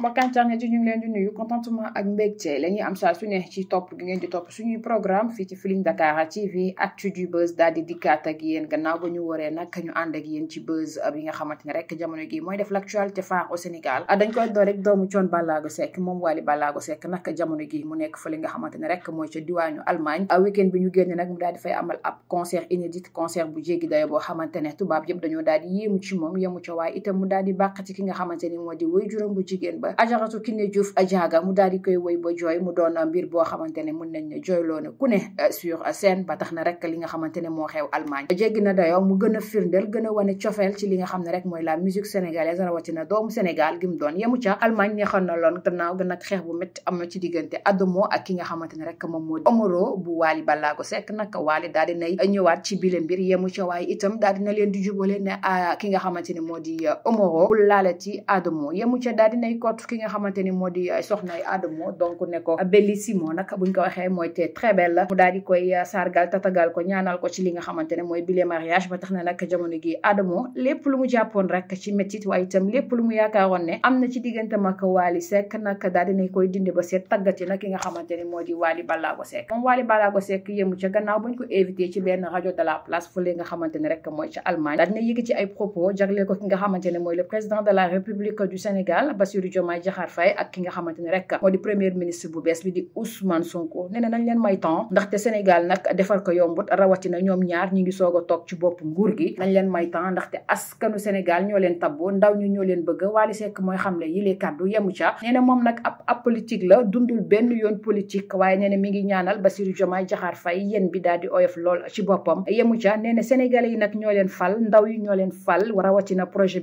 mbokk internet yi ñu ngi leen di nuyu contentement ak mbégte la ñuy am saa su ci topp gi ngeen di topp suñuy programme fii ci Feeling Dakar TV actu daal di dikkaat ak yéen gannaaw ba ñu waree nag ñu ànd ak yéen ci buzz bi nga xamante ne rek jamono gi mooy def l'actualité phare au Sénégal ah, dañ koy door rek doomu Thione Ballago Seck moom Wally Ballago jamono gi mu nekk fële nga xamante ne rek mooy ca diwaanu Allemagne ah, week-end ñu génne nag mu daal di fay amal ab concert inédit concert bu jéggi boo xamante ne tubaab yëpp daal di yéemu ci moom yemu ca waaye itam mu daal di bàq ki nga xamante ni moo di way juróom bu jigéen ba ajaratu Kiné Diouf Ajaga mu daal koy woy ba jooy mu doon mbir boo xamante ne mun nañ ne jooyloo na ku ne euh, sur scène ba tax na rek li nga xamante ne moo xew Allemagne jéggi na a firndeel gën a wane li nga xam ne rek mooy la musique sénégalaise rawatina doomu Sénégal gi mu doon yemu ca Allemagne neexoon na loon gannaaw na nag xeex bu métti am na ci diggante Adamo a ki nga xamante rek moom moo Omaro bu Waly Ballago Seck nag Waly daal di nay ñëwaat ci bile mbir yemu ca waaye itam daal dina leen di jubale ne ah, ki nga xamante ne moo di euh, Omaro bu laale ci Adamo yemu ca daal di nay kot contre ki nga xamante ni moo di euh, soxnay Adamo donc ne ko euh, Simon nag buñ ko waxee mooy te très belle mu daal di koy euh, sargal ko ñaanal ko ci li nga xamante ne mooy bile mariage ba tax na nag jamono gi Adamo lépp lu mu jàppoon rek ci métit waaye itam lépp lu mu yaakaaroon ne am na ci diggante mag moo di Wally Ballago Seck moom Wally Ballago Seck yemu ca gannaaw buñ ko invité ci benn rajo de la place fu li nga xamante rek mooy ca Allemagne daal dina yëg ci ay propos jagleel ko ki nga xamante ne mooy président de la République du Sénégal Bassirou Diomaye Diomaye Diakhar Faye ak ki nga xamante ni rek moo di premier ministre bu bees bi di Ousmane Sonko nee na nañ leen may temps ndaxte Sénégal nag defar ko yombut rawatina ñoom ñaar ñi ngi soog a toog ci bopp nguur gi nañ leen may temps ndaxte ñoo leen tabbu ndaw ñu ñoo leen bëgg Wally Seck mooy xamle yi lee kàddu yemu ca na moom nag ab la dundul benn yoon politique waaye nee na mi ngi ñaanal Bassirou Diomaye Diakhar Faye yéen bi daal di oyof lool ci boppam yemu ca nee yi nag ñoo leen fal ndaw yi ñoo leen fal rawatina projet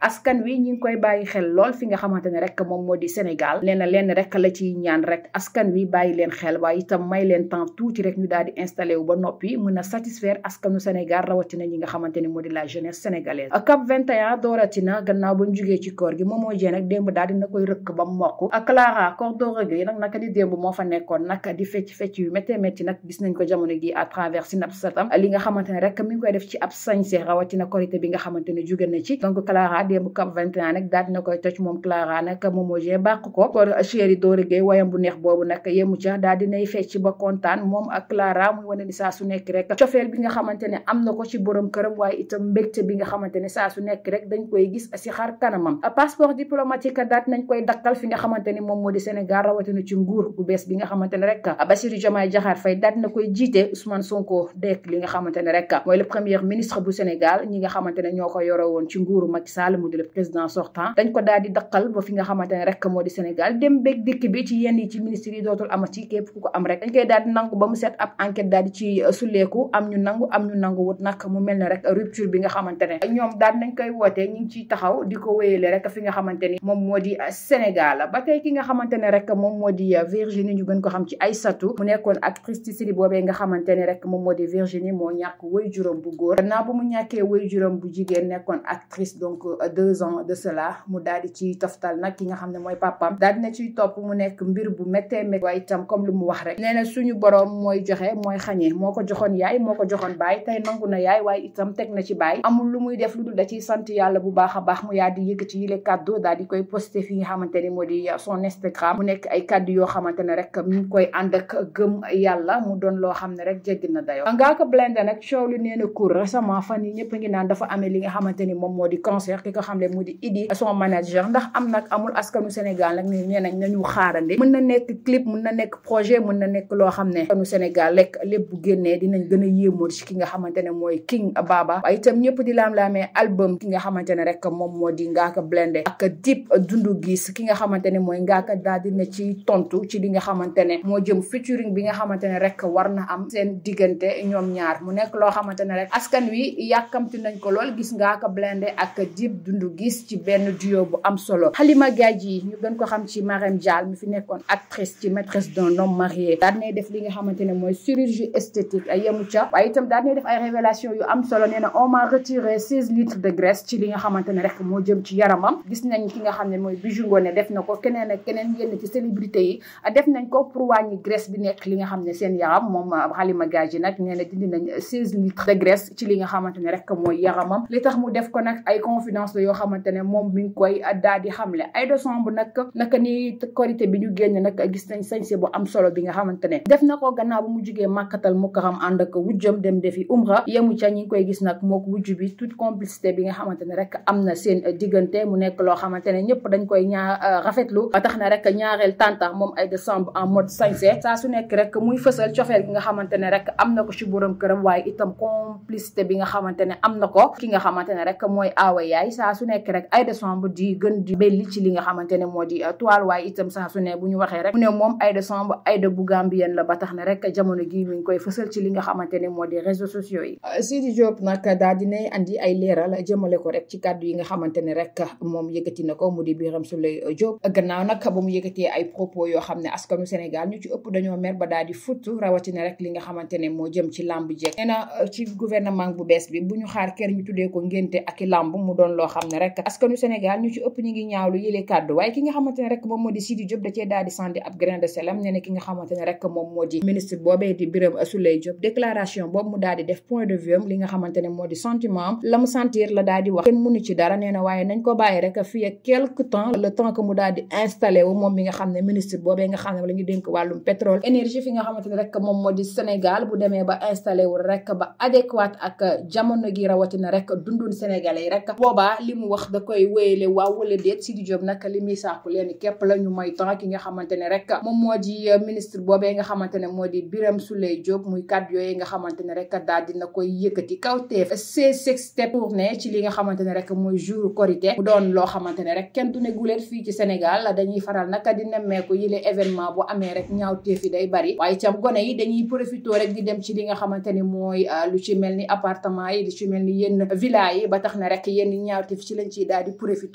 askan wi ñi koy bàyyi xel lool fi nga xamante ne rek moom moo Sénégal nee na leen rek la ciy ñaan rek askan wi bàyyi leen xel waaye itam may leen temps tuuti rek ñu daal di installé wu ba noppi mën a satisfaire askanu Sénégal rawatina gi nga xamante rek mi koy def ci ab sañse rawatina korité bi nga xamante ne ci donc Clara démb CAP 21 nag daal dina koy toj moom Clara nag moom moo jee bàq ko kon Chéri Doro Gueye wayam bu neex boobu nag yemu ca daal dinay fecc ba kontaan moom ak Clara muy wane ni saa su nekk rek cofeel bi nga xamante am na ko ci borom këram waaye itam te bi nga xamante ne saa su nekk rek dañ koy gis si xar kanamam passeport diplomatique daat nañ koy dakkal fi nga xamante ni moom moo di Sénégal rawatina ci nguur gu bees bi nga xamante ne rek Bassirou na koy jiite Ousmane Sonko dekk li nga xamante ne rek mooy le premier ministre bu Sénégal ñi nga xamante ne ñoo ko yore woon ci nguuru Macky Sall mu di le président sortant dañ ko daal dakkal doxal ba fi nga xamante rek bi ci yenn yi ci ministre yi dootul amati képp ku ko am rek dañ koy daal di nangu ba mu set ab enquête daal di euh, moom moo di euh, Sénégal ba tey ki nga xamante euh, rek moom moo di Virginie moo di Virginie juróom bu góor gannaaw bu mu ñàkkee way juróom bu jigéen nekkoon actrice donc deux ans de cela mu daal ci taf toftal nag ki nga xam ne mooy papaam daal dina ciy topp mu nekk mbir bu méttee métti waaye itam comme lu mu wax rek nee na suñu borom mooy joxe mooy xañee moo ko joxoon yaay moo ko joxoon baay baax a baax mu yaa di yëkkati yile kàddu daal di koy posté fi nga xamante ni moo di son Instagram mu nekk ay kàddu yoo xamante ne rek mu doon loo xam ne rek jéggi na dayoo Ngaaka Blindé nag coow lu nee na cour récemment fan yi ñëpp ngi naan dafa amee li nga xamante ni moom moo di cancer ki xam ne mu di Idi am nag amul askanu Sénégal nag ne nee nañ nañu xaarandi mën na nekk clip mën na nekk projet mën na nekk loo xam ne askanu Sénégal rek lépp bu génnee dinañ gën a yéemoon ci ki nga xamante ne mooy King Baba waaye itam ñëpp di laam-laamee album ki nga xamante ne rek moom moo di Ngaaka Blindé ak Dip Doundou Guiss ki nga xamante ne mooy Ngaaka daal dina ci tontu ci li nga xamante ne moo jëm featuring bi nga xamante ne rek war na am seen diggante ñoom ñaar mu nekk loo xamante ne rek askan wi yàkkamti nañ ko lool gis Ngaaka Blindé ak Dip Doundou gis ci benn duo bu am solo solo Halima Gadji ñu gën ko xam ci Marème Dial mi fi nekkoon actrice ci maîtresse d'un homme marié daal nay def li nga xamante mooy chirurgie esthétique ay yemu ca waaye itam daal nay def ay révélation yu am solo nee na on m'a retiré seize de graisse ci li nga xamante ne rek moo jëm ci yaramam mooy Bijou yi li nga xam ne seen yaram moom Halima Gadji nag na dindi nañ li nga xamante ne rek mooy yaramam li tax mu def ko nag ay confidence la yoo moom mi koy daal xamle Aïda Samb naka ni korité bi ñu génn nag gis nañ sañse bu am solo bi nga xamante def na ko gannaaw ba mu jugee màkkatal mukaram ànd ak wujjam dem defi umra yemu ca bi toute complicité bi nga xamante ne mu nekk loo xamante ne ñëpp dañ koy ñaa euh, rafetlu tax na rek ñaareel tanta moom Aïda Samb en mode sañse saa su nekk rek muy fësal cofeel bi nga xamante ne rek am na ko ci borom këram waaye itam complicité bi nga xamante ne am na ko ki nga xamante ne rek mooy aawa yaay saa su nekk rek Aïda Samb di gën di belli ci li nga xamante ne moo di euh, toile waaye itam saa su ne bu ñu waxee rek mu ne moom Aïda Samb Aïda bu Gambien la ba tax rek jamono gi mi ngi koy fësal ci li nga xamante ne moo di réseaux sociaux yi euh, Sidi Diop nag daal ay leeral jëmale ko rek ci kàddu yi nga xamante ne rek moom yëkkati ko mu di Biram Souleye Diop gannaaw nag ba mu yëkkatee ay propos yoo xam ne askanu Sénégal ñu ci ëpp dañoo mer ba daal di futt rawatina rek li nga xamante ne moo jëm ci làmb jeeg nee na euh, ci gouvernement bu bees bi bu ñu xaar kër ñu tuddee ko ngénte ak làmb mu doon loo xam ne ñaawlu yile kàddu waaye ki nga xamante ne rek moom moo di Sidi Diop da cee daal di sandi ab grain de sel am ne moom moo di ministre boobee di Birame Souleye Diop déclaration boobu mu daal di def point de moo di sentiment am la mu sentir la daal di wax kenn mënu ci dara nee waaye nañ ko bàyyi rek fii quelque temps le temps que mu daal di installé wu moom mi nga xam ne ministre boobee nga xam ne la ñu dénk wàllum pétrole énergie fi nga xamante rek moom moo di Sénégal bu demee ba installé wu rek ba adéquate ak jamono gi rawatina rek dundun sénégalais rek boobaa li mu wax da koy wéyale waaw wala Sidi Diop nag li muy sàkku leen képp la may temps ki nga xamante ne rek moom moo di euh, ministre boobee nga xamante ne moo di Birame Souleye Diop muy kàddu yooyu nga xamante ne rek daal dina koy yëkkati kawteef ses sexte tournée ci li nga ne rek mooy jour Korité mu doon loo xamante rek kenn du ne guleet fii ci Sénégal dañuy faral nag di nemmeeku yile événement bu amee rek ñaawteef yi day bari waaye itam gone yi dañuy profité rek di dem ci li nga xamante ne mooy euh, lu ci mel ni appartement yi lu ci mel ni yenn villa yi ba tax na rek yenn ñaawteef ci lañ ciy daal di profité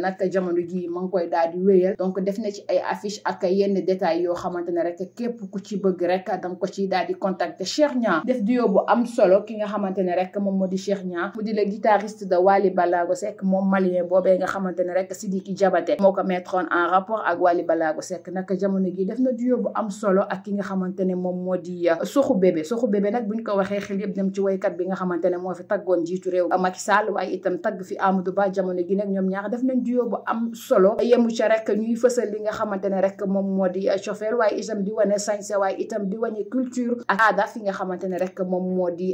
nag jamono jii ma ngi koy daal di wéyal donc def na ci ay affiche ak yenn détails yoo xamante ne rek képp ku ci bëgg rek da ko ci daal di contacter Cheikh Niang def duo bu am solo ki nga xamante ne rek moom moo di Cheikh Niang mu di le guitariste de Wally Ballago Seck moom malien boobee nga xamante ne rek Sidiki Diabaté moo ko mettroon en rapport ak Wally Ballago Seck nag jamono jii def na duo bu am solo ak ki nga xamante ne moom moo di euh, Soxu Bébé Soxu Bébé nag buñ ko waxee xel yëpp dem ci waykat bi nga xamante ne moo fi taggoon jiitu réew Macky Sall waaye itam tagg fi Amadou Ba audio bu am solo yemu ca rek ñuy fësal li nga xamante ne rek moom moo di chauffeur waaye itam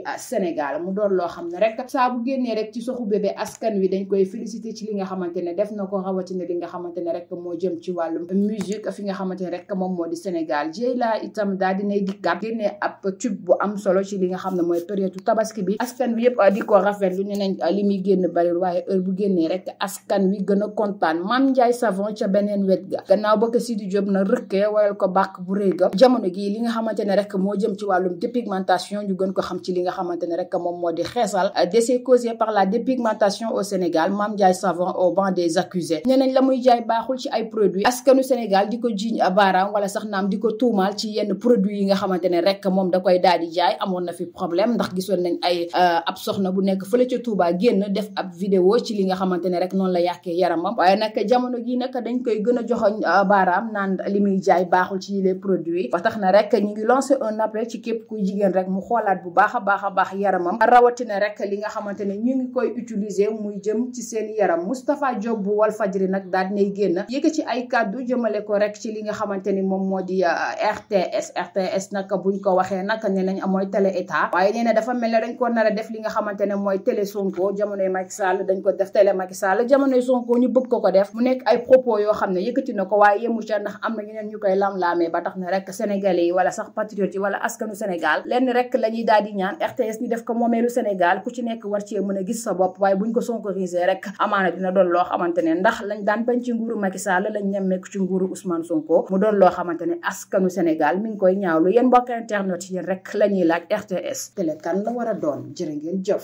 ah, Sénégal mu doon loo xam ne rek saa bu génnee rek ci soxu bébé askan wi dañ koy félicité ci li nga xamante ne def na ko rawatina li nga xamante ne rek moo jëm ci wàllum musique fi nga xamante ne rek moom moo di Sénégal Dieyla itam daal dinay dikkaat génnee ab tube bu am solo ci li nga xam ne mooy période tabaski bi askan wi yëpp ah, di ko rafetlu ne nañ ah, li muy génn bariwul waaye a a kontaan Mame Ndiaye Savon ca beneen wet ga gannaaw ba ko Sidy Diop na rëkkee wayal ko bàkk bu réy jamono gi li nga xamante ne rek moo jëm ci wàllum dépigmentation ñu gën ko xam ci li nga xamante ne rek moom di la dépigmentation au Sénégal la muy jaay baaxul ci ay produits di ko jiiñ baaraam wala sax naam di ko tuumaal ci yenn produits yi nga xamante ne rek moom da koy daal di jaay amoon na fi problème ndax gisoon nañ ay euh, ab soxna bu nekk fële ca Touba génn def ab vidéo ci li nga xamante rek noonu la yàqee yaramam waaye nag jamono gi nag dañ koy gën a joxoñ ah, baaraam naan li muy jaay baaxul ci les produits ba tax na rek ñu ngi lancé un appel ci képp kuy jigéen rek mu xoolaat bu baax a baax a baax yaramam rek li nga xamante ne ñu ngi koy utiliser muy jëm ci seen yaram Moustapha Diop bu ri nag daal nay génn yëkk ci ay kàddu jëmale ko rek ci li nga xamante ni moom moo di ah, RTS RTS nag buñ ko waxee nag ne nañ mooy télé état waaye nee dafa mel ne dañ ko nar a def li nga xamante ne mooy télé Sonko jamonoy Macky Sall dañ ko def télé Macky Sall jamonoy Sonko ko ñu bëgg ko ko def mu nekk ay propos yoo xam ne yëkkati na ko waaye yemu ca ndax am na ñeneen ñu koy lam-laamee ba tax na rek sénégalais yi wala sax patriotes yi wala askanu sénégal lenn rek la ñuy daal di ñaan ñu def ko moomeelu sénégal ku ci nekk war cee mën sa bopp waaye buñ ko sonkorisé rek amaana dina doon loo xamante ne ndax lañ daan bañ ci nguuru Macky Sall lañ nemmeeku ci nguuru Ousmane Sonko mu doon loo xamante ne askanu sénégal mi ngi koy ñaaw ñaawlu yéen mbokk internet yi rek la ñuy laaj RTS télé kan la war a doon jërë ngeen jëf